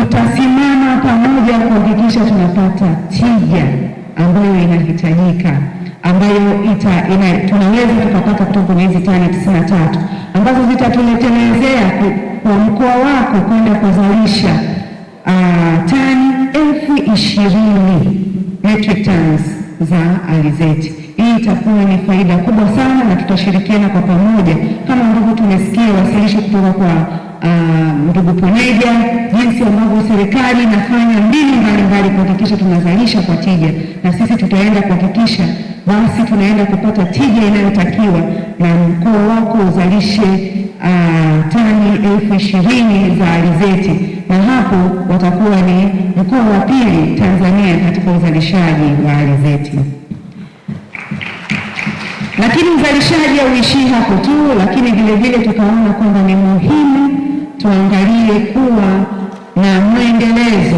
tutasimama pamoja kuhakikisha tunapata tija ambayo inahitajika ambayo ita, ina, tunaweza tukapata kutoka kwenye hizi tani tisini na tatu ambazo zitatuletelezea kwa mkoa wako kwenda kuzalisha uh, tani elfu ishirini metric tons za alizeti. Hii itakuwa ni faida kubwa sana tukashirikiana kwa pamoja, kama ambavyo tumesikia wasilisho kutoka kwa ah, ndugu uh, Poneja, jinsi ambavyo serikali inafanya mbinu mbalimbali kuhakikisha tunazalisha kwa tija, na sisi tutaenda kuhakikisha basi tunaenda kupata tija inayotakiwa, na mkoa wako uzalishe uh, tani elfu ishirini za alizeti, na hapo watakuwa ni mkoa wa pili Tanzania katika uzalishaji wa alizeti. Lakini uzalishaji hauishii hapo tu, lakini vilevile tukaona kwamba ni muhimu tuangalie kuwa na mwendelezo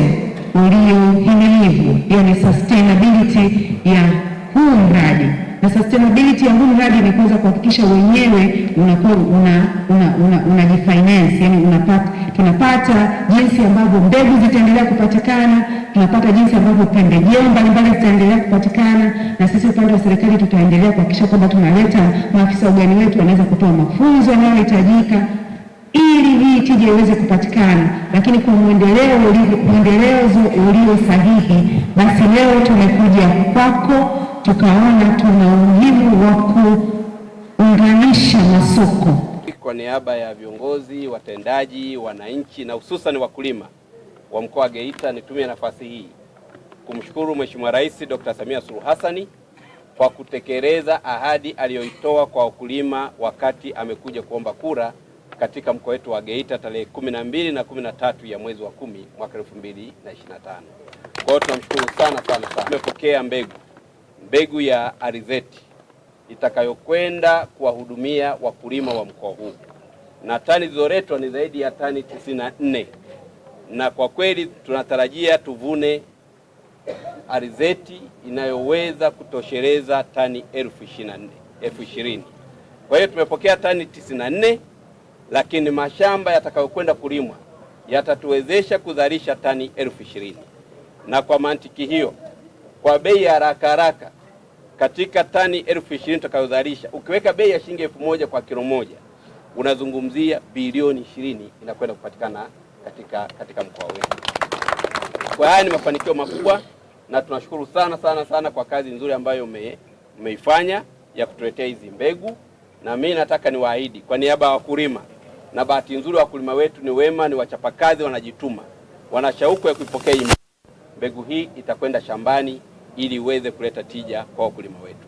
ulio himilivu, yani sustainability ya huu mradi na sustainability ya huu mradi ni kuweza kuhakikisha wenyewe unakuwa una, una, una, unajifinance yani unapata, tunapata jinsi ambavyo mbegu zitaendelea kupatikana, tunapata jinsi ambavyo pembejeo mbalimbali zitaendelea kupatikana, na sisi upande wa serikali tutaendelea kuhakikisha kwamba tunaleta maafisa ugani wetu wanaweza kutoa mafunzo yanayohitajika ili hii tija iweze kupatikana, lakini kwa mwendelezo mwendelezo ulio sahihi. Basi leo tumekuja kwako tukaona tuna umuhimu wa kuunganisha masoko. Kwa niaba ya viongozi, watendaji, wananchi na hususan wakulima wa mkoa wa Geita, nitumie nafasi hii kumshukuru Mheshimiwa Rais Dr. Samia Suluhu Hassan kwa kutekeleza ahadi aliyoitoa kwa wakulima wakati amekuja kuomba kura katika mkoa wetu wa Geita tarehe kumi na mbili na kumi na tatu ya mwezi wa kumi mwaka elfu mbili na ishirini na tano. Kwa hiyo tunamshukuru sana sana sana. Tumepokea mbegu mbegu ya alizeti itakayokwenda kuwahudumia wakulima wa mkoa huu, na tani zilizoletwa ni zaidi ya tani 94 na kwa kweli tunatarajia tuvune alizeti inayoweza kutosheleza tani elfu ishirini. Kwa hiyo tumepokea tani 94, lakini mashamba yatakayokwenda kulimwa yatatuwezesha kuzalisha tani elfu ishirini. Na kwa mantiki hiyo, kwa bei ya haraka haraka katika tani elfu ishirini utakayozalisha, ukiweka bei ya shilingi elfu moja kwa kilo moja unazungumzia bilioni ishirini inakwenda kupatikana katika, katika mkoa wetu. Kwa haya ni mafanikio makubwa, na tunashukuru sana sana sana kwa kazi nzuri ambayo umeifanya ya kutuletea hizi mbegu, na mimi nataka niwaahidi kwa niaba ya wakulima, na bahati nzuri wakulima wetu ni wema, ni wachapakazi, wanajituma, wana shauku ya kuipokea mbegu hii, itakwenda shambani ili iweze kuleta tija kwa wakulima wetu.